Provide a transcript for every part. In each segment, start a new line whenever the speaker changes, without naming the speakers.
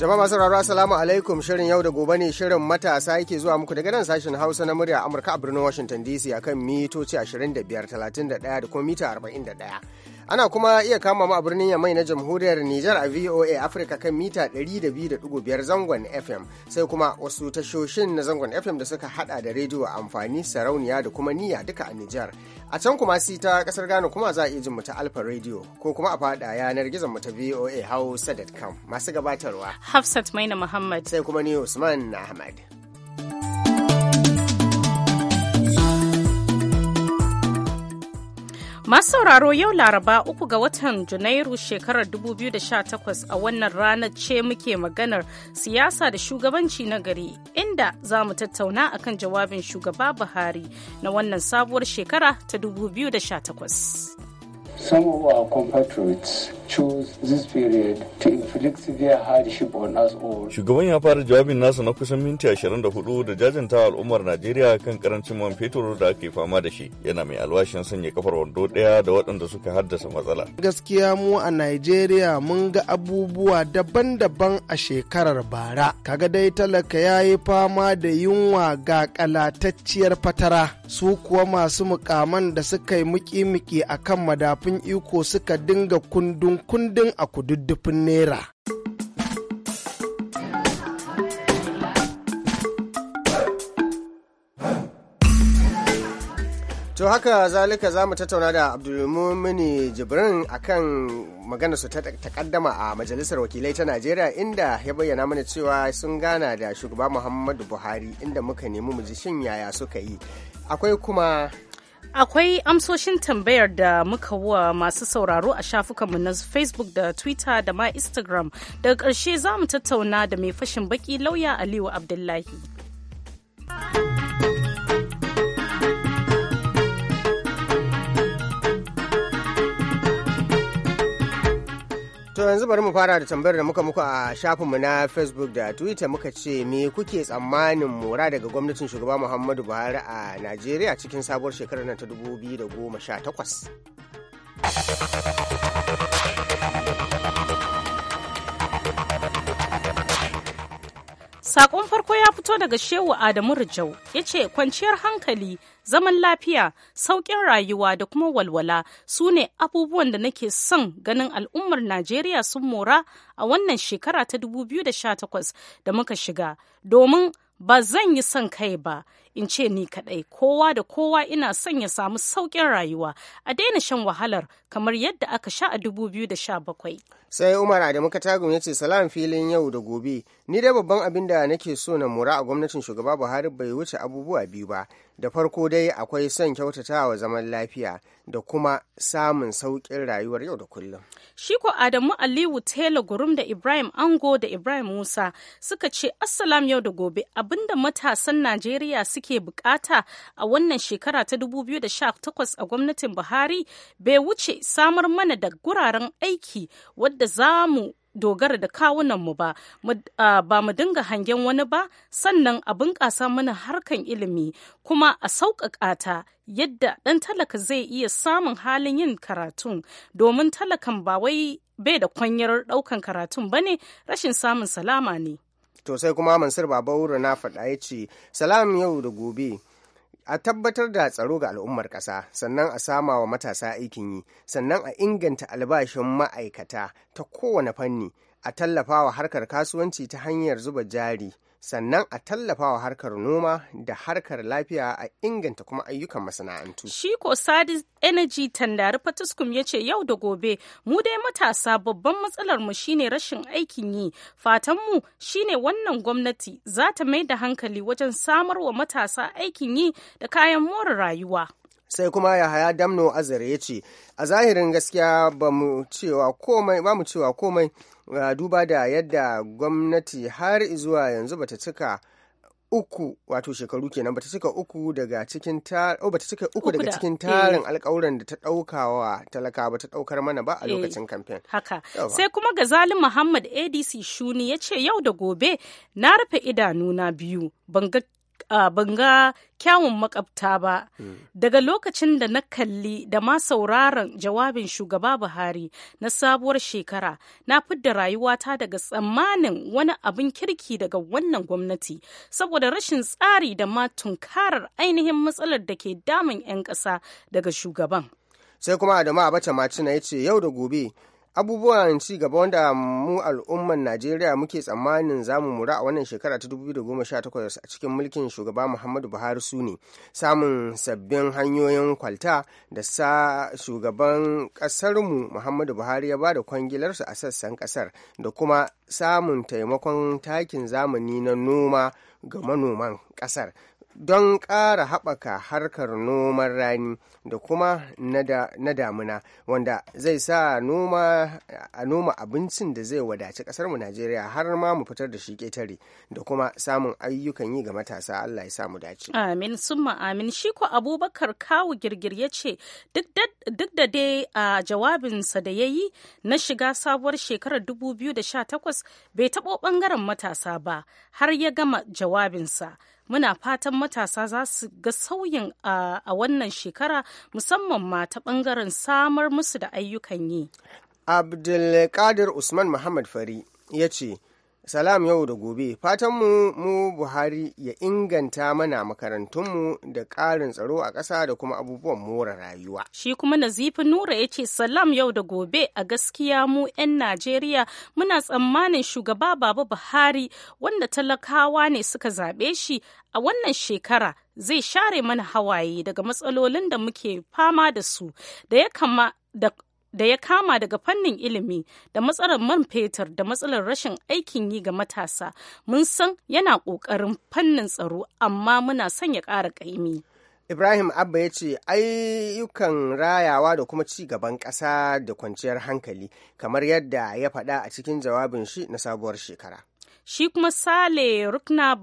Jama'a masu sauraro Assalamu alaikum shirin yau da gobe ne shirin matasa yake zuwa muku daga nan sashen Hausa na murya Amurka a birnin Washington DC akan mitoci 25, 31 da kuma mita 41. Ana kuma iya kama mu a birnin Yamai na Jamhuriyar Nijar a VOA Africa kan mita 102.5 zangon FM sai kuma wasu tashoshin na zangon FM da suka hada da rediyo a amfani sarauniya da kuma niyya duka a Nijar. A can kuma si ta kasar Ghana kuma za a iya jin mu ta Alfa Radio ko kuma a fada yanar gizon mu ta VOA Hausa.com masu gabatarwa.
Hafsat Maina Muhammad
sai kuma ni Usman Ahmad.
Masu sauraro yau Laraba uku ga watan Janairu shekarar 2018 a wannan ranar ce muke maganar siyasa da shugabanci na gari inda za mu tattauna akan jawabin shugaba Buhari na wannan sabuwar shekara ta 2018.
Some of our compatriots chose this period to inflict severe hardship on us all.
Shugaban ya fara jawabin nasa na kusan minti 24 da jajanta al'ummar Najeriya kan karancin man fetur da ake fama da shi yana mai alwashin sanya kafar wando ɗaya da waɗanda suka haddasa matsala.
Gaskiya mu a Najeriya mun ga abubuwa daban-daban a shekarar bara. Kaga dai talaka ya yi fama da yunwa ga kalatacciyar fatara su kuwa masu mukaman da suka yi muki-muki a kan madafa madafin iko suka dinga kundin-kundin a kududdufin naira.
To haka zalika za mu tattauna da Abdulmumini Jibrin akan magana su ta kaddama a Majalisar Wakilai ta Najeriya inda ya bayyana mana cewa sun gana da shugaba Muhammadu Buhari inda muka nemi mu ji shin yaya suka yi. Akwai
kuma akwai amsoshin tambayar da muka wa masu sauraro a shafukanmu na facebook da twitter da ma instagram daga ƙarshe za mu tattauna da mai fashin baki lauya aliyu abdullahi
To yanzu bari mu fara da tambayar da muka muku a shafinmu na Facebook da Twitter muka ce me kuke tsammanin mora daga gwamnatin shugaba Muhammadu Buhari a Najeriya cikin sabuwar shekarar nan ta 2018.
Sakon farko ya fito daga Shehu Adamu Rijau ya ce kwanciyar hankali, zaman lafiya, sauƙin rayuwa da kuma walwala su ne abubuwan da nake son ganin al'ummar Najeriya sun mora a wannan shekara ta 2018 da muka shiga domin ba zan yi son kai ba in ce ni kaɗai kowa da kowa ina son ya samu sauƙin rayuwa a daina shan wahalar kamar yadda aka sha a 2017
sai umar adamu katagum ya ce salam filin yau da gobe ni dai babban abin da nake so na mura a gwamnatin shugaba buhari bai wuce abubuwa biyu ba da farko dai akwai son kyautatawa zaman lafiya da kuma samun sauƙin rayuwar yau da kullum.
shiko Adamu Aliyu taylor Gurum da Ibrahim Ango da Ibrahim Musa suka ce Assalam yau da gobe abinda matasan Najeriya suke bukata a wannan shekara ta 2018 a gwamnatin Buhari bai wuce samar mana da guraren aiki wadda za mu dogara da kawunanmu ba ba mu dinga hangen wani ba sannan a bunƙasa mana harkan ilimi kuma a sauƙaƙa ta yadda ɗan talaka zai iya samun halin yin karatun domin talakan ba wai bai da kwanyar ɗaukan karatun ba ne rashin samun salama ne.
To sai kuma Mansur Babauru na faɗa ya ce, Salam yau da gobe. a tabbatar da tsaro ga al'ummar ƙasa sannan a sama wa matasa aikin yi sannan a inganta albashin ma'aikata ta kowane fanni a tallafa wa harkar kasuwanci ta hanyar zuba jari sannan a tallafawa harkar noma da harkar lafiya a inganta kuma ayyukan masana'antu. Shi
ko Sadis Energy Tandari Fatiskum ya ce yau da gobe mu dai matasa babban matsalar mu shine rashin aikin yi fatan mu shine wannan gwamnati za ta mai da hankali wajen samar wa matasa aikin yi da kayan more rayuwa.
sai kuma yahaya damno azare ya ce a zahirin gaskiya ba mu cewa komai duba da yadda gwamnati har zuwa yanzu bata cika uku wato shekaru kenan bata cika uku daga cikin bata oh, cika uku daga cikin eh. tarin alƙawuran alkawuran da ta dauka wa talaka ba ta ɗaukar mana ba a eh, lokacin
kamfen haka sai kuma gazalin muhammad adc shuni ya ce yau da gobe na rufe idanuna biyu ban ga ban ga kyawun makabta ba hmm. daga lokacin da na kalli da ma sauraron jawabin shugaba buhari na sabuwar shekara na fidda rayuwata daga tsammanin wani abin kirki daga wannan gwamnati saboda rashin tsari da ma tunkarar ainihin matsalar da ke damun 'yan ƙasa daga shugaban
sai kuma adamu abacha macina ya ce yau da gobe abubuwan ci gaba wanda mu al'umman najeriya muke tsammanin zamu mura a wannan shekara ta 2018 a cikin mulkin shugaba muhammadu buhari su ne samun sabbin hanyoyin kwalta da sa shugaban ƙasarmu muhammadu buhari ya ba da kwangilarsu a sassan ƙasar da kuma samun taimakon takin zamani na noma ga manoman ƙasar don ƙara haɓaka harkar noman rani da kuma na damuna wanda zai sa a noma abincin da zai wadaci mu najeriya har ma mu fitar da shi ƙetare da kuma samun ayyukan yi ga matasa allah ya samu dace
amin summa amin shi ko abubakar kawu girgir ya ce duk da dai a jawabinsa da ya yi na shiga sabuwar shekarar dubu biyu da sha 2018 bai taɓo ɓangaren matasa ba har ya gama jawabinsa muna fatan matasa za su ga sauyin a wannan shekara musamman ma ta bangaren samar musu da ayyukan yi
abdulkadir usman muhammad fari ya ce Salam yau da gobe, fatanmu mu Buhari ya inganta mana makarantunmu da ƙarin tsaro a ƙasa da kuma abubuwan more rayuwa.
Shi kuma Nazifi Nura ya ce salam yau da gobe a gaskiya mu 'yan Najeriya muna tsammanin shugaba Baba Buhari wanda talakawa ne suka zaɓe shi a wannan shekara zai share mana hawaye daga matsalolin da muke fama da su da ya kama da da ya kama daga fannin ilimi da matsalar man fetur da matsalar rashin aikin yi ga matasa mun san yana ƙoƙarin fannin tsaro amma muna son ya ƙara ƙaimi. ibrahim
abba ya ce ayyukan rayawa da kuma ci gaban ƙasa da kwanciyar hankali kamar yadda ya faɗa a cikin jawabin shi na sabuwar shekara.
shi kuma sale rukna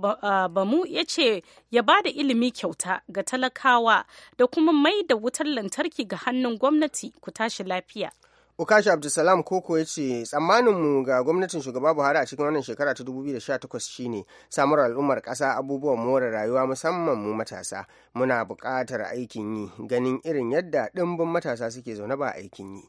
bamu ya ce ya ba da ilimi kyauta ga talakawa da kuma mai da wutar lantarki ga hannun gwamnati ku tashi lafiya
Ukashi Abdulsalam Koko ya ce tsammaninmu ga gwamnatin shugaba Buhari a cikin wannan shekara ta 2018 shine samar al'ummar kasa abubuwan more rayuwa musamman mu matasa muna buƙatar aikin yi ganin irin yadda ɗimbin matasa suke zaune ba aikin yi.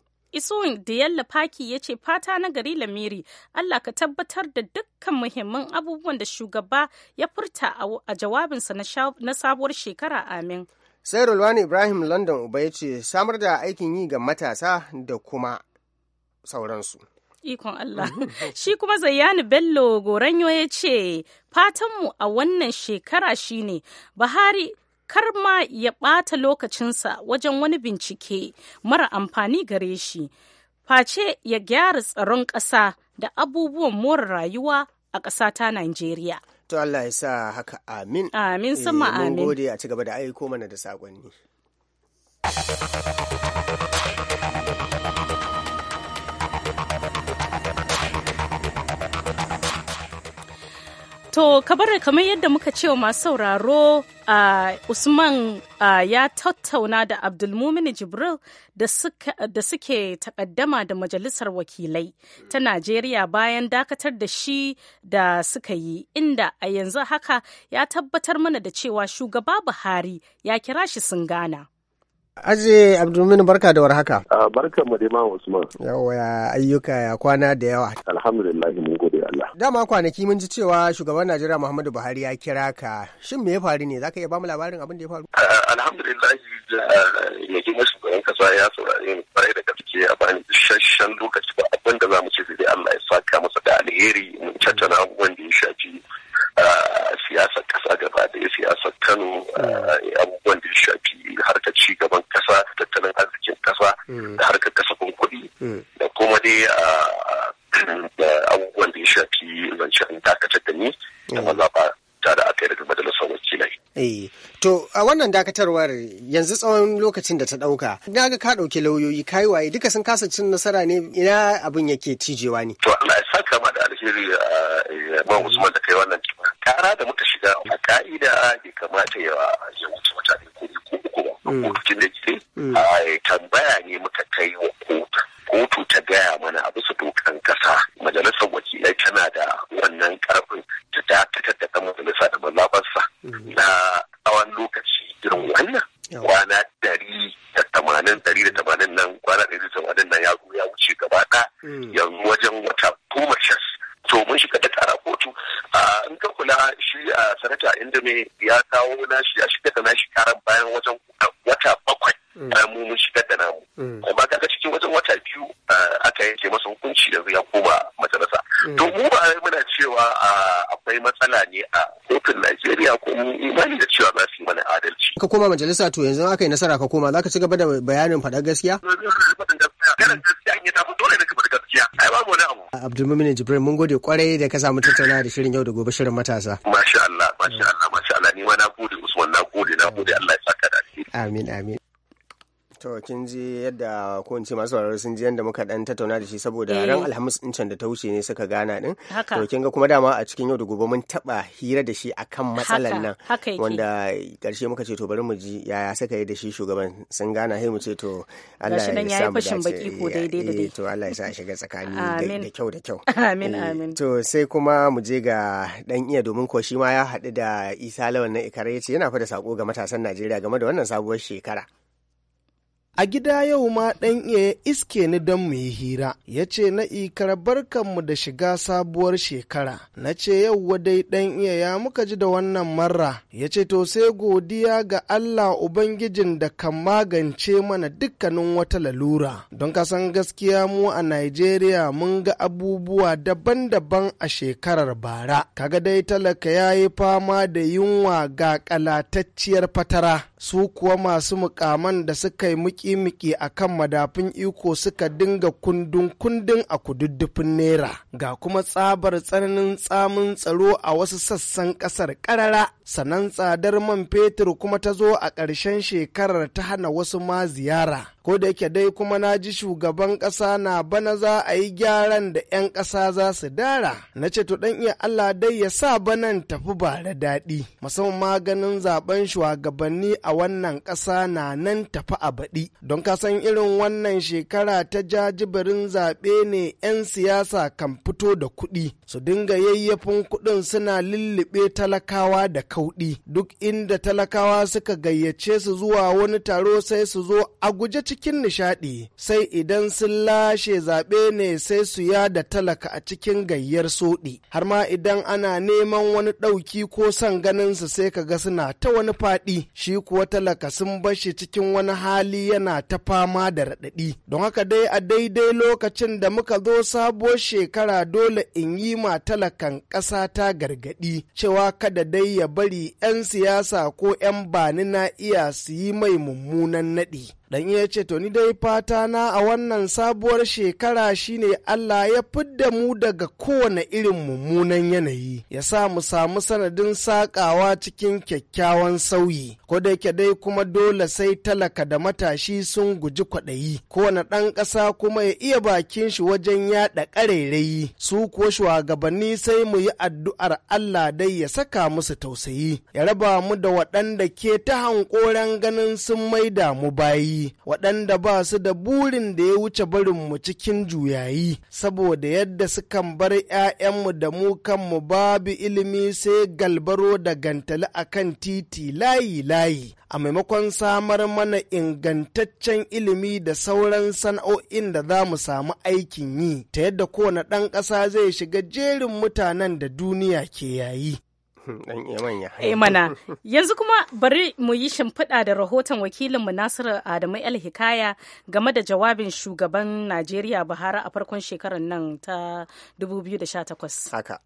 da yalla Faki ya ce fata na gari Lamiri, Allah ka tabbatar da dukkan muhimman abubuwan da shugaba ya furta a jawabinsa na sabuwar shekara amin. Sai
Rulwani Ibrahim London Uba ya ce samar da aikin yi ga matasa da kuma sauransu.
Ikon Allah. Shi kuma Zayyani Bello Goranyo ya ce, Fatanmu a wannan shekara shine Buhari kar ma ya ɓata lokacinsa wajen wani bincike mara amfani gare shi face ya gyara tsaron ƙasa da abubuwan more rayuwa a ƙasa ta Najeriya. To Allah
ya sa haka amin. Amin eh, sama amin. Mun gode a cigaba da aiko mana da saƙonni.
To, kabar kamar yadda muka ce wa masu sauraro, uh, Usman uh, ya tattauna da Abdulmumin Jibril da suke takaddama da Majalisar Wakilai ta Najeriya bayan dakatar da shi da suka yi, inda a yanzu haka ya tabbatar mana da cewa shugaba Buhari ya kira shi sun gana.
Aje Abdulmumin barka da warhaka. Uh, ah, barka mu da Usman. Yawa ayyuka ya kwana da yawa.
Alhamdulillah mun
Dama kwanaki mun ji cewa shugaban Najeriya Muhammadu Buhari ya kira ka. Shin me ya faru ne? Zaka iya bamu labarin abin da ya faru?
Alhamdulillahi, eh, ya mashi shugaban kasa ya saurare ni kwarai da gaske a bani isasshen lokaci ba abin da za mu ce sai Allah ya saka masa da
a wannan dakatarwar yanzu tsawon lokacin da ta dauka na ga ka ɗauki lauyoyi kai waye duka sun kasa cin nasara ne ina abin yake tijewa ne to Allah ya
saka ma da alheri a Usman da kai wannan kara da muka shiga a ka'ida bai kamata ya wuce mutane ko ko ko ko ko ko Mm. yanzu wajen wata goma sha to mun shiga da kara kotu in ka kula shi a sanata inda me ya kawo shi a shiga da nashi karan bayan wajen wata bakwai mm. mu mun shiga da namu mm. ka ga cikin wajen wata biyu aka yanke masa hukunci yanzu ya koma majalisa to mu ba muna cewa akwai matsala ne a kotun Najeriya ko mu imani da cewa za su yi mana adalci
ka koma majalisa to yanzu aka yi nasara ka koma ka ci gaba da bayanin faɗa gaskiya Abdulmumin Jibril mun gode kwarai da ka samu tattauna da shirin yau da gobe shirin matasa.
Masha Allah, masha Allah, masha Allah, ni ma na gode Usman, na gode, na gode Allah ya saka
da Amin, amin. to kin ji yadda ko ce masu sauraro sun ji yadda muka dan tattauna da shi saboda eh. ran alhamis in can da ta wuce ne suka gana din to kin ga kuma dama a cikin yau da gobe mun taba hira da shi akan matsalan nan wanda karshe muka ce to bari mu ji yaya suka yi da shi shugaban sun gana sai mu ce to Allah ya sa mu dace ko daidai da eh, dai to Allah ya sa shiga tsakani da kyau da kyau amin eh, amin to sai kuma mu je ga dan iya domin ko shi ma ya haɗu da Isa Lawan na Ikare yace yana fa da sako ga matasan Najeriya game da wannan sabuwar shekara
a gida yau ma ɗan iya iske ni don mu yi hira ya ce na ikar barkanmu da shiga sabuwar shekara na ce yau wadai ɗan iya ya muka ji da wannan marra ya ce to sai godiya ga allah ubangijin da kan magance mana dukkanin wata lalura don kasan gaskiya mu a nigeria mun ga abubuwa daban-daban a shekarar bara kaga dai talaka ya yi fama da yunwa ga kalatacciyar fatara su kuwa masu mukaman da suka yi miƙe miki a kan madafin iko suka dinga kundin-kundin a kududdufin naira ga kuma tsabar tsananin tsamin tsaro a wasu sassan ƙasar ƙarara sannan tsadar man fetur kuma ta zo a ƙarshen shekarar ta hana wasu ma ziyara ko da yake dai kuma na ji shugaban ƙasa na bana za a yi gyaran da 'yan ƙasa za su dara na ce to dan iya allah dai ya sa banan tafi ba da daɗi musamman maganin zaben shugabanni a wannan ƙasa na nan tafi a baɗi don ka san irin wannan shekara ta jajibirin zaɓe ne 'yan siyasa kan fito da kuɗi su dinga yayyafin kuɗin suna lullube talakawa da kauɗi duk inda talakawa suka gayyace su zuwa wani taro sai su zo a guje cikin nishaɗi sai idan sun lashe zaɓe ne sai su yada talaka a cikin gayyar soɗi har ma idan ana neman wani ɗauki ko son ganin su sai ka ga suna ta wani faɗi shi kuwa talaka sun shi cikin wani hali yana ta fama da raɗaɗi don haka dai a daidai lokacin da muka zo sabuwar shekara dole in yi ma talakan ƙasa ta gargaɗi cewa kada dai ya bari 'yan siyasa ko 'yan bani na iya su yi mai mummunan naɗi. dan iya ce to ni dai fata na a wannan sabuwar shekara shine Allah ya fidda mu daga kowane irin mummunan yanayi ya sa mu samu sanadin sakawa cikin kyakkyawan sauyi ko da yake dai kuma dole sai talaka da matashi sun guji kwaɗayi kowane ɗan ƙasa kuma ya iya bakin shi wajen yaɗa ƙarairayi su kuwa shugabanni sai mu yi addu'ar Allah dai ya saka musu tausayi ya raba mu da waɗanda ke ta hankoran ganin sun maida mu bayi waɗanda ba su da burin da ya wuce barin mu cikin juyayi saboda yadda sukan bar 'ya'yanmu da mu kanmu babu ilimi sai galbaro da gantali a kan titi layi-layi a maimakon samar mana ingantaccen ilimi da sauran sana'o'in da za mu samu aikin yi ta yadda kowane ɗan ƙasa zai shiga jerin mutanen da duniya ke yayi. dan eh, mana
yanzu kuma bari mu yi shimfiɗa da rahoton wakilinmu Nasiru Adamu El Hikaya game da jawabin shugaban Najeriya Buhari a farkon shekarar nan ta 2018 haka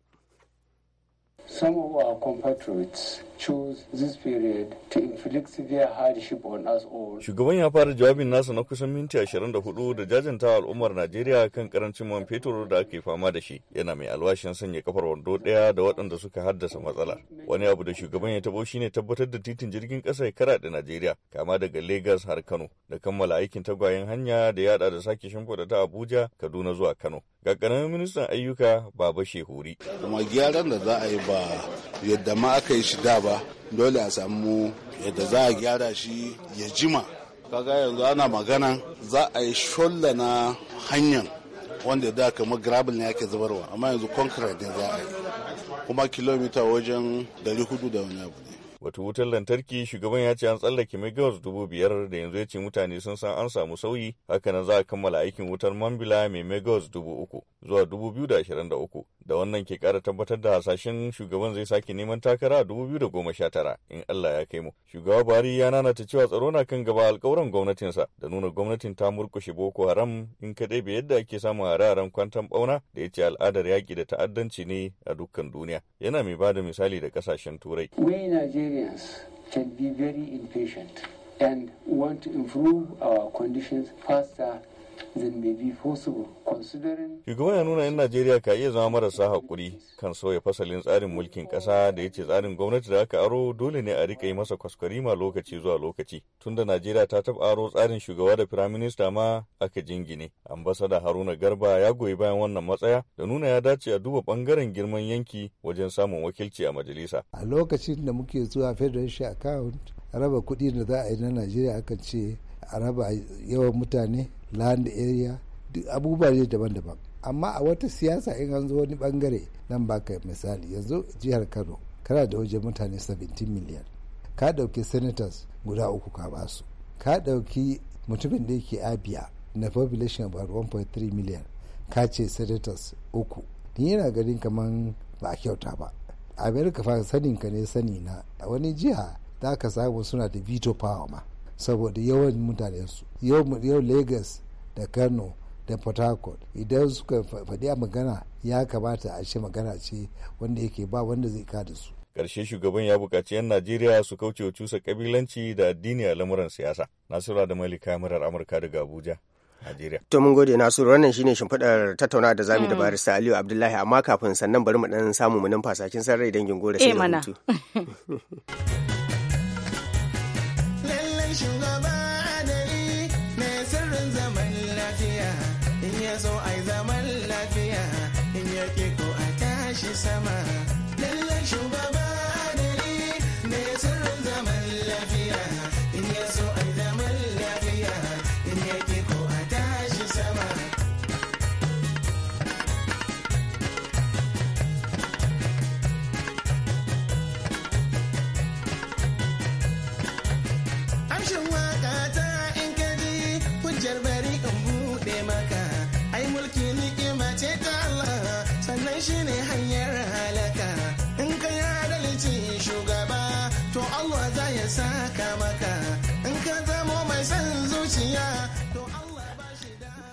Some of our compatriots chose this period to inflict severe hardship on us all.
Shugaban ya fara jawabin nasa na kusan minti 24 da jajanta al'ummar Najeriya kan karancin man fetur da ake fama da shi yana mai alwashin sanya kafar wando ɗaya da waɗanda suka haddasa matsala Wani abu da shugaban ya tabo shine tabbatar da titin jirgin ƙasa ya karaɗe Najeriya kama daga Lagos har Kano da kammala aikin tagwayen hanya da yada da sake shimfiɗa ta Abuja Kaduna zuwa Kano. Ga ƙaramin ministan ayyuka Baba Shehuri. Kuma gyaran da za a yi ba ba yadda ma aka yi shi da ba dole a samu yadda za a gyara shi ya
jima kaga yanzu ana magana za a yi sholla na hanyar wanda da kamar gravel ne ake zubarwa amma yanzu concrete ne za a yi kuma kilomita
wajen 400 da wani abu ne wata wutar lantarki shugaban ya ce an tsallake megawatt dubu biyar da yanzu ya ce mutane sun san an samu sauyi hakanan za a kammala aikin wutar mambila mai megawatt dubu uku zuwa dubu biyu da ashirin da uku da wannan ke kara tabbatar da hasashen shugaban zai sake neman takara a tara in Allah ya kai mu. Shugaba Buhari ya nanata cewa tsaro na kan gaba alkawuran gwamnatinsa da nuna gwamnatin ta murkushe Boko Haram in kaɗai bai yadda ake samun hararen kwantan bauna da ya ce al'adar yaƙi da ta'addanci ne a dukkan duniya. Yana mai bada misali da kasashen Turai. We
Nigerians can be very impatient and want to improve our conditions faster
Shugaban ya nuna 'yan Najeriya ka iya zama marasa haƙuri kan sauya fasalin tsarin mulkin ƙasa da ya ce tsarin gwamnati da aka aro dole ne a rika yi masa kwaskwarima lokaci zuwa lokaci. Tunda Najeriya ta taɓa aro tsarin shugaba da firaminista ma aka jingine. Ambasada Haruna Garba ya goyi bayan wannan matsaya da nuna ya dace a duba ɓangaren girman yanki wajen samun wakilci a majalisa.
A lokacin da muke zuwa Federation Account raba kuɗi da za a yi na Najeriya akan ce a raba yawan mutane land area duk abubuwa ne daban-daban amma a wata siyasa in an zo wani bangare nan baka misali yanzu jihar kano kana da wajen mutane 17 miliyan ka dauki senators guda uku ka su ka dauki mutumin da yake abia na population about 1.3 million ka ce senators uku ni yana ganin kamar ba a kyauta ba america fa sanin ka ne sani na a wani jiha za ka samu suna da veto power ma saboda yawan mutanensu yau lagos da kano da port harcourt idan suka faɗi a magana ya kamata a ce magana ce wanda yake ba wanda zai kada su
karshe shugaban ya buƙaci 'yan najeriya su kauce wa cusa kabilanci da addini a lamuran siyasa nasura da malika murar amurka daga abuja Najeriya.
To mun gode nasu wannan shine shimfiɗar tattauna da zami da mm. barista Aliyu Abdullahi amma kafin sannan bari mu dan samu mu numfasa kin san dangin gore sai da eh, mutu.
you never mulki ni'ima ce ta Allah sannan shi ne hanyar halaka in ka yi adalci shugaba to Allah za ya saka maka in ka zamo mai son zuciya to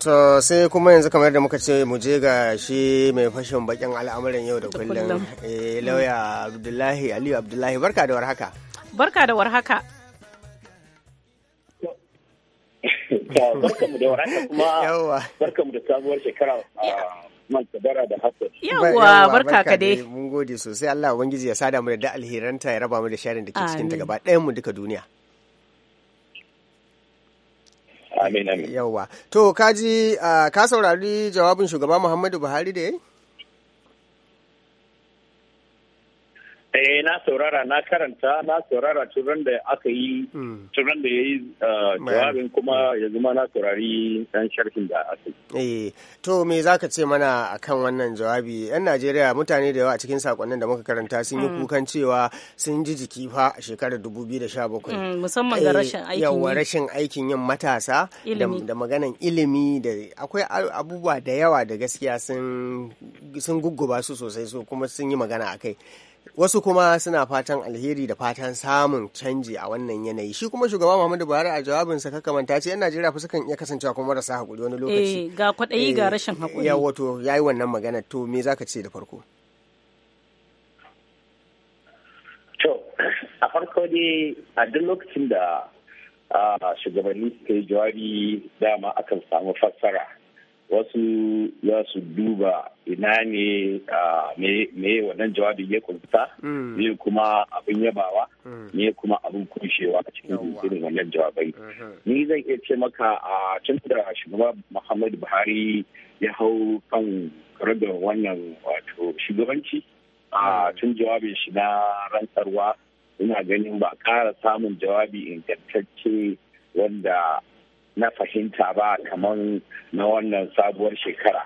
To sai kuma yanzu kamar da muka ce mu je ga shi mai fashin bakin al'amuran yau da kullum eh, lauya Abdullahi Aliyu Abdullahi barka da warhaka.
Barka da warhaka.
barkamu da
warhaka
kuma barkamu da sabuwar shekara
Yawwa ah, barka ka dai.
Mun gode sosai Allah Ubangiji ya sada mu da alheranta ya raba mu da sharin da ke cikin ta gaba ɗayan mu duka duniya. Amin amin. Yawwa. To kaji ah, ka saurari jawabin shugaba Muhammadu Buhari da yayi?
Eh na saurara na karanta na saurara turan da aka yi hmm. turan da ya yi ah, jawabin kuma hmm. ya zama na saurari dan sharhin da aka
yi. Eh to me zaka ce mana akan wannan jawabi yan Najeriya mutane da yawa a cikin sakonnin da muka karanta sun yi hmm. kukan cewa sun ji jiki fa a shekarar 2017.
Musamman ga eh, rashin aikin yi. Yawa
rashin aikin yin matasa da maganan ilimi da akwai abubuwa da yawa da gaskiya sun gugguba su sosai so kuma sun yi magana akai. wasu kuma suna fatan alheri da fatan samun canji a wannan yanayi shi kuma shugaba muhammadu buhari a jawabinsa ka kamanta ce yan najeriya fa sukan iya kasancewa kuma marasa hakuri wani lokaci eh, ga kwaɗayi ga eh, rashin hakuri yawa to yayi wannan magana to me zaka ce da farko
to a farko dai a duk lokacin da ah, shugabanni suka yi jawabi dama akan samu fassara wasu za su duba ina ne me wannan jawabin ya kunsa mm. me kuma abin yabawa mm. me kuma abin kunshewa a cikin irin wannan jawabai mm-hmm. ni zan iya ce maka a tun da shugaba muhammadu buhari ya hau kan rabin wannan wato shugabanci a mm. tun jawabin shi na rantsarwa ina ganin ba kara samun jawabi ingantacce wanda na fahimta ba kamar na wannan sabuwar shekara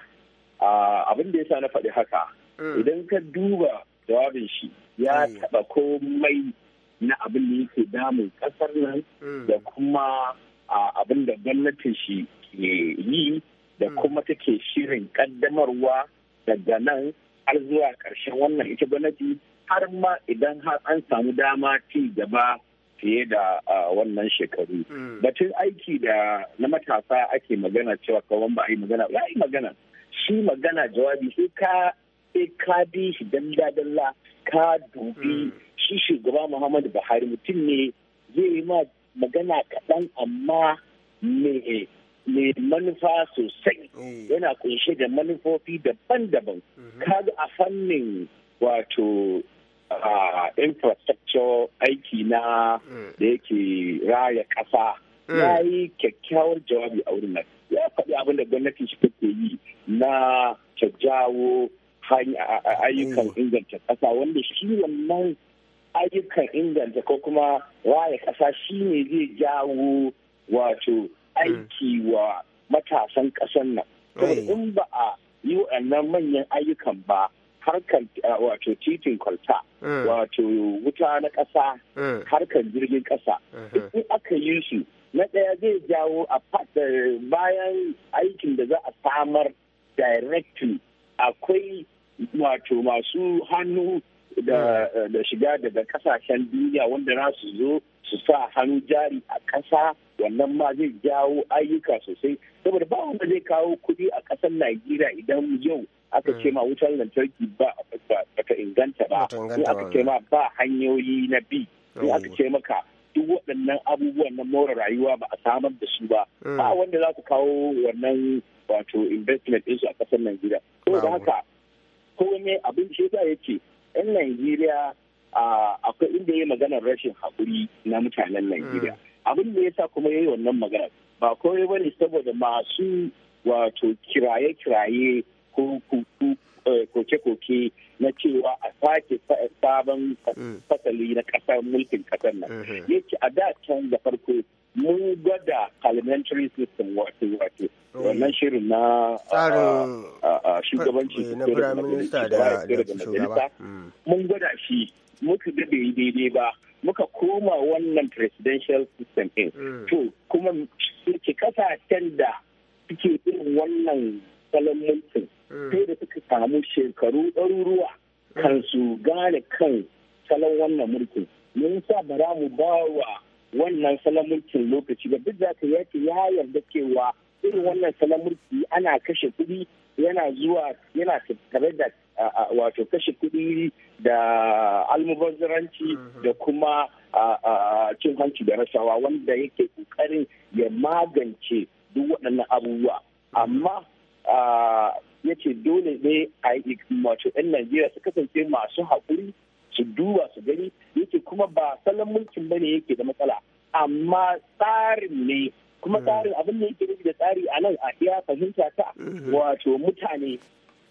abin da ya sa na faɗi haka
mm.
idan
ka duba jawabin shi ya mm. taɓa komai na abin da yake damun ƙasar nan mm. da kuma abin da gwamnatin shi ke yi da kuma take shirin ƙaddamarwa daga nan har zuwa ƙarshen wannan ita gwamnati har ma idan har an samu dama ci gaba fiye da wannan shekaru. Mm. Batun aiki da na matasa ake magana cewa kawan ba a yi magana ya yi magana shi magana jawabi sai ka sai ka bi shi dan dadalla ka dubi mm. shi shugaba Muhammadu Buhari mutum ne zai yi ma magana kaɗan amma mai manufa sosai mm. yana kunshe da manufofi daban-daban mm-hmm. kaga a fannin wato infrastructure aiki na da yake raya ƙasa mm. ya yi kyakkyawar jawabi a wurin nan ya faɗi abin da gwamnati shi take yi na ta jawo ayyukan mm. inganta ƙasa wanda shi wannan ayyukan inganta ko kuma raya ƙasa shi ne zai jawo wato aiki mm. wa matasan ƙasan nan. in ba a yi waɗannan manyan ayyukan ba harkar uh, wato titin kwalta mm. wato wuta na ƙasa mm. harkar jirgin ƙasa mm-hmm. in aka yi su na ɗaya zai jawo a bayan aikin da za a samar directly akwai wato masu hannu da mm. shiga daga kasashen duniya wanda na su zo su sa hannu jari a ƙasa wannan ma zai jawo ayyuka sosai saboda ba wanda zai kawo kuɗi a ƙasar najeriya idan yau aka mm. ce ma wutar lantarki ba ka inganta ba ko aka ce ma ba hanyoyi na bi ko aka ce maka duk waɗannan abubuwan na more rayuwa ba a samar da su ba mm. ba wanda za ku kawo wannan wato investment ɗinsu a ƙasar Najeriya ko da haka komai abin shi ya ce 'yan Najeriya akwai inda ya yi maganar rashin haƙuri na mutanen Najeriya. Mm. Abin da ya sa kuma ya yi wannan magana ba kawai ba ne saboda masu wato kiraye-kiraye masu eh, koke-koke na cewa a sake sabon mm. fasali na kasar mulkin kasar nan mm-hmm. yake a da can da farko mun gwada parliamentary system wato wato oh. wannan shirin na ah, ah, ah, shugabanci na mm. mun gwada shi muka ga bai daidai ba muka koma wannan presidential system din mm. to kuma ke kasashen da suke irin wannan salon mulkin Mm. sai da suka samu shekaru ɗaruruwa mm. kan su gane kan salon wannan mulkin mun sa ba za mu ba wa wannan salon mulkin lokaci ba duk za ka ya ya yarda cewa irin wannan salon mulki ana kashe kuɗi yana zuwa yana tattare da wato kashe kuɗi da almubazzaranci mm-hmm. da kuma cin hanci da rashawa wanda yake ƙoƙarin ya magance duk waɗannan abubuwa amma ya ce dole ne a yi wato 'yan najeriya su kasance masu haƙuri su duba su gani yake kuma ba salon mulkin ba ne yake da matsala amma tsarin ne kuma mm. tsarin abin da yake nufi da tsari a nan a iya fahimta ta mm-hmm. wato mutane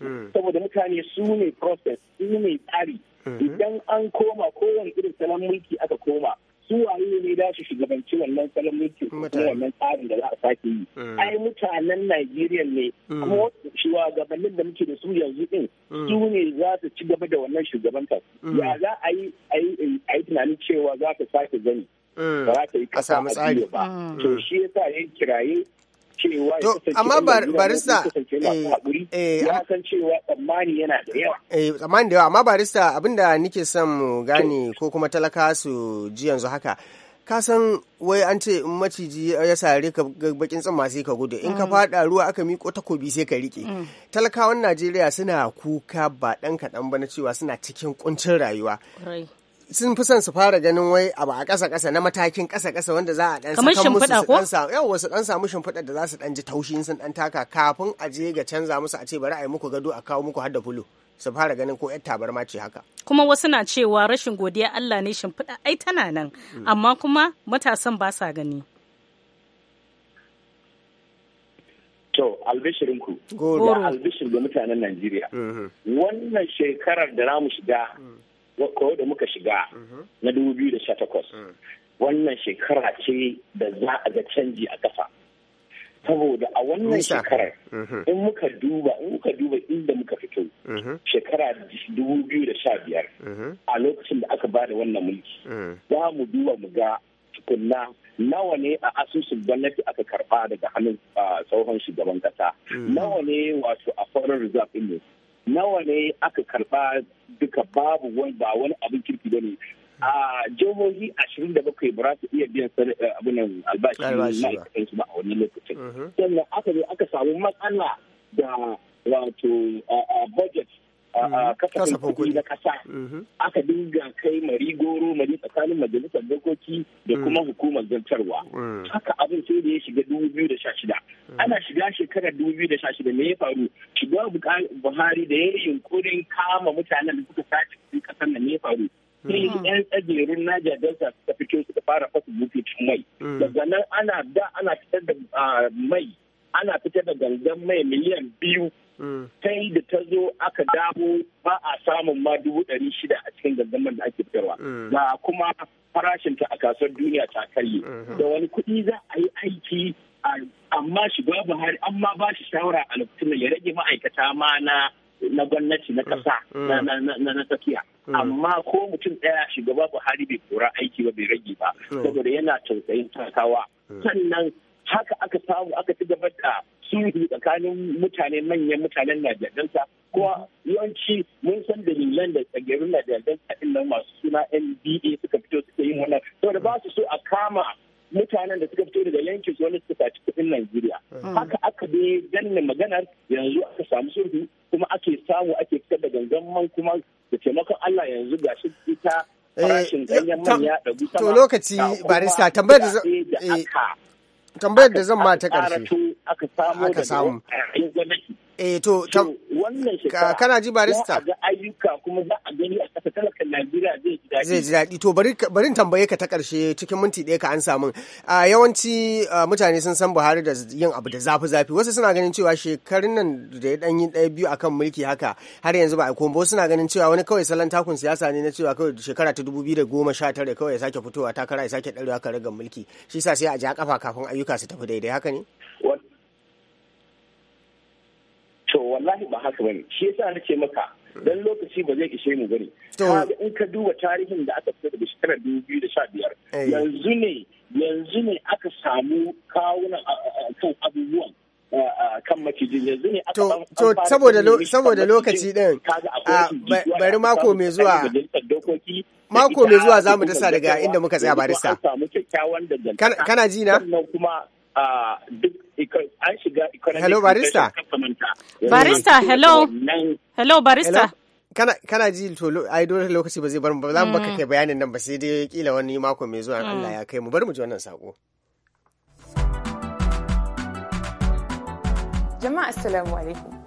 mm. saboda mutane su ne process su ne tsari mm-hmm. idan an koma kowane irin salon mulki aka koma su waye ne za su shugabanci wannan salon mulki kuma wannan tsarin da za a sake yi mm. ai mutanen Najeriya ne mm. kuma shugabannin da muke da su yanzu din mm. su ne za su ci gaba da wannan shugabanta ya za a yi a yi tunanin cewa za ka sake gani ba za ka yi kasa a ba to shi yasa ya kiraye cewa ya amma barista ya eh, eh, san cewa tsammani yana da yawa
eh, tsammani da yawa amma barista abinda nike son mu gane ko kuma talaka su ji yanzu haka ka san wai an ce in maciji ya sare ka bakin tsamma sai ka gudu in ka mm. fada ruwa aka miko takobi sai ka rike mm. talakawan najeriya suna kuka ba dan kaɗan ba na cewa suna cikin kuncin rayuwa sun fi son su fara ganin wai abu a ƙasa ƙasa na matakin ƙasa ƙasa wanda za a dan musu su samu yawa su dan samu shimfiɗa da za su dan ji taushi sun dan taka kafin a je ga canza musu a ce bari a yi muku gado a kawo muku hadda fulu fulo su fara ganin ko yar tabarma ce haka
kuma wasu na cewa rashin godiya Allah ne shimfiɗa ai tana nan mm. amma kuma matasan ba sa gani
To, albishirinku, da albishir ga mutanen Najeriya. Mm-hmm. Wannan shekarar da namu shiga mm. koyo da muka shiga mhm. na 2018 mm. wannan shekara ce da za a ga canji a ƙasa saboda a wannan shekarar mhm. in muka duba in muka duba inda muka fito mhm. shekara 2015 a lokacin da aka ba da wannan mulki mm. za mu duba mu ga tukunna nawa ne a asusun gwamnati aka karba daga hannun tsohon shugaban kasa mm. nawa ne wato a foreign reserve ne nawa ne aka karba duka babu wani ba wani abin kirki bane a jihohi ashirin da bakwai ba su iya biyan eh, nan albashi ma'aikatan su ba a wannan lokacin mhm. sannan aka zo aka samu matsala da wato eh, eh, budget Mm-hmm. kasafin kuɗi na ƙasa mm-hmm. aka dinga kai mari goro mari tsakanin majalisar dokoki da mm. kuma hukumar zartarwa mm. haka abin sai da ya shiga dubu biyu da sha shida mm. ana shiga shekarar dubu biyu da sha shida me ya faru shiga buhari da ya yi yunkurin kama mutanen da suka sace cikin ƙasar nan me ya faru sai yan tsagerin naja delta suka fito suka fara fasa bututun mai daga nan ana da ana fitar da ah, mai ana fitar da gangan mai miliyan biyu kai da ta zo aka dabo ba a samun ma dubu ɗari shida a cikin gangamar da ake fitarwa mm. ga kuma farashinta a kasuwar duniya ta karye mm-hmm. da wani kuɗi za a yi aiki amma shugaba buhari amma ma ba shi shawara a lokacin ya rage ma'aikata ma na na gwamnati na ƙasa mm. na na tsakiya mm. amma ko mutum ɗaya shugaba buhari bai kora aiki ba bai rage ba saboda yana tausayin takawa sannan haka aka samu aka ci gaba da sirri tsakanin mutane manyan mutanen Najeriya Delta kuma yawanci mun san dalilan da tsagerun Najeriya Delta din nan masu suna NBA suka fito suka yi wannan saboda ba su so a kama mutanen da suka fito daga yankin su wani suka ci kuɗin Najeriya. Hmm. Haka aka bi danne maganar yanzu aka samu sulhu kuma ake samu ake fitar da gangan kuma da taimakon Allah yanzu gashi ita
eh, farashin ganyen man ya ɗagu sama. To lokaci barista tambayar
da
tambayar da zan ma ta ƙarshe aka samu eh to kana ji barista
ga ayyuka kuma za zai ji daɗi.
Zai To bari tambaye ka ta ƙarshe cikin minti ɗaya ka an a Yawanci mutane sun san Buhari da yin abu da zafi-zafi. Wasu suna ganin cewa shekarun nan da ya ɗan yi ɗaya biyu akan mulki haka har yanzu ba a kombo suna ganin cewa wani kawai salon takun siyasa ne na cewa kawai shekara ta dubu biyu da goma sha tara kawai ya sake fitowa takara ya sake ɗarewa kan ragar mulki. Shi sa sai a ja kafa kafin ayyuka su tafi daidai haka ne?
To wallahi ba haka bane. Shi yasa nake maka dan lokaci ba zai ishe mu ne. in ka duba tarihin da aka fito daga shekarar biyu da sha biyar eh. yanzu ne yanzu ne aka samu kawunan kan abubuwan kan yanzu ne aka to saboda saboda lokaci din bari mako mai zuwa
mako mai zuwa za mu dasa daga inda muka tsaya barista kana ji na
hello barista barista
hello hello barista kana kana ji to ai dole lokaci ba zai bar mu ba za mu baka mm. kai bayanin nan ba sai dai kila wani mako mai zuwa mm. Allah ya kai mu bari mu ji wannan sako
jama'a assalamu alaikum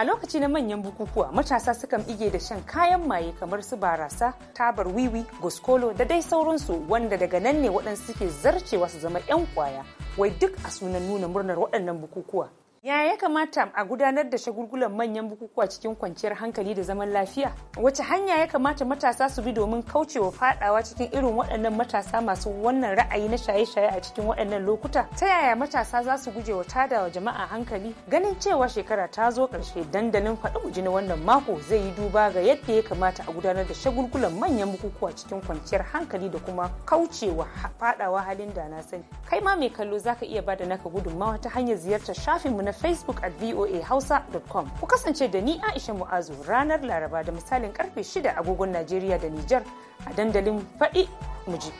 A lokaci na manyan bukukuwa matasa sukan ige da shan kayan maye kamar su barasa, tabar wiwi, goskolo da dai sauransu wanda daga nan ne waɗansu suke zarcewa su zama 'yan kwaya wai duk a sunan nuna murnar waɗannan bukukuwa. Ya ya kamata a gudanar da shagulgulan manyan bukukuwa cikin kwanciyar hankali da zaman lafiya? Wace hanya ya kamata matasa su bi domin kaucewa fadawa cikin irin waɗannan matasa masu wannan ra'ayi na shaye-shaye a cikin waɗannan lokuta? Ta yaya matasa za su guje wa tada wa jama'a hankali? Ganin cewa shekara ta zo ƙarshe dandalin faɗi na wannan mako zai yi duba ga yadda ya kamata a gudanar da shagulgulan manyan bukukuwa cikin kwanciyar hankali da kuma kaucewa fadawa halin da na sani. Kai ma mai kallo zaka iya bada naka gudunmawa ta hanyar ziyartar shafinmu na na Facebook at voahausa.com. Ku kasance da ni Aisha Mu'azu ranar Laraba da misalin karfe 6 agogon Najeriya da Nijar a dandalin faɗi muji.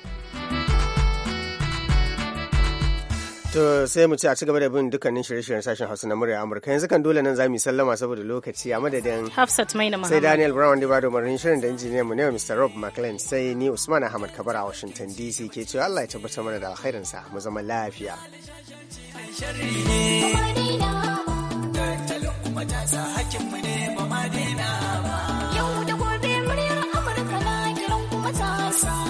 To sai mu ci a cigaba da bin dukkanin shirye-shiryen sashen Hausa na murya Amurka. Yanzu kan dole nan za mu sallama saboda lokaci a madadin
Hafsat Maina Muhammad. Sai Daniel
Brown da bada umarnin shirin da injiniyan mu ne Mr. Rob McLean sai ni Usman Ahmad Kabar a Washington DC ke cewa Allah ya tabbatar mana da alkhairin sa mu zama lafiya.
Yau Amurka na kiran
kuma sa.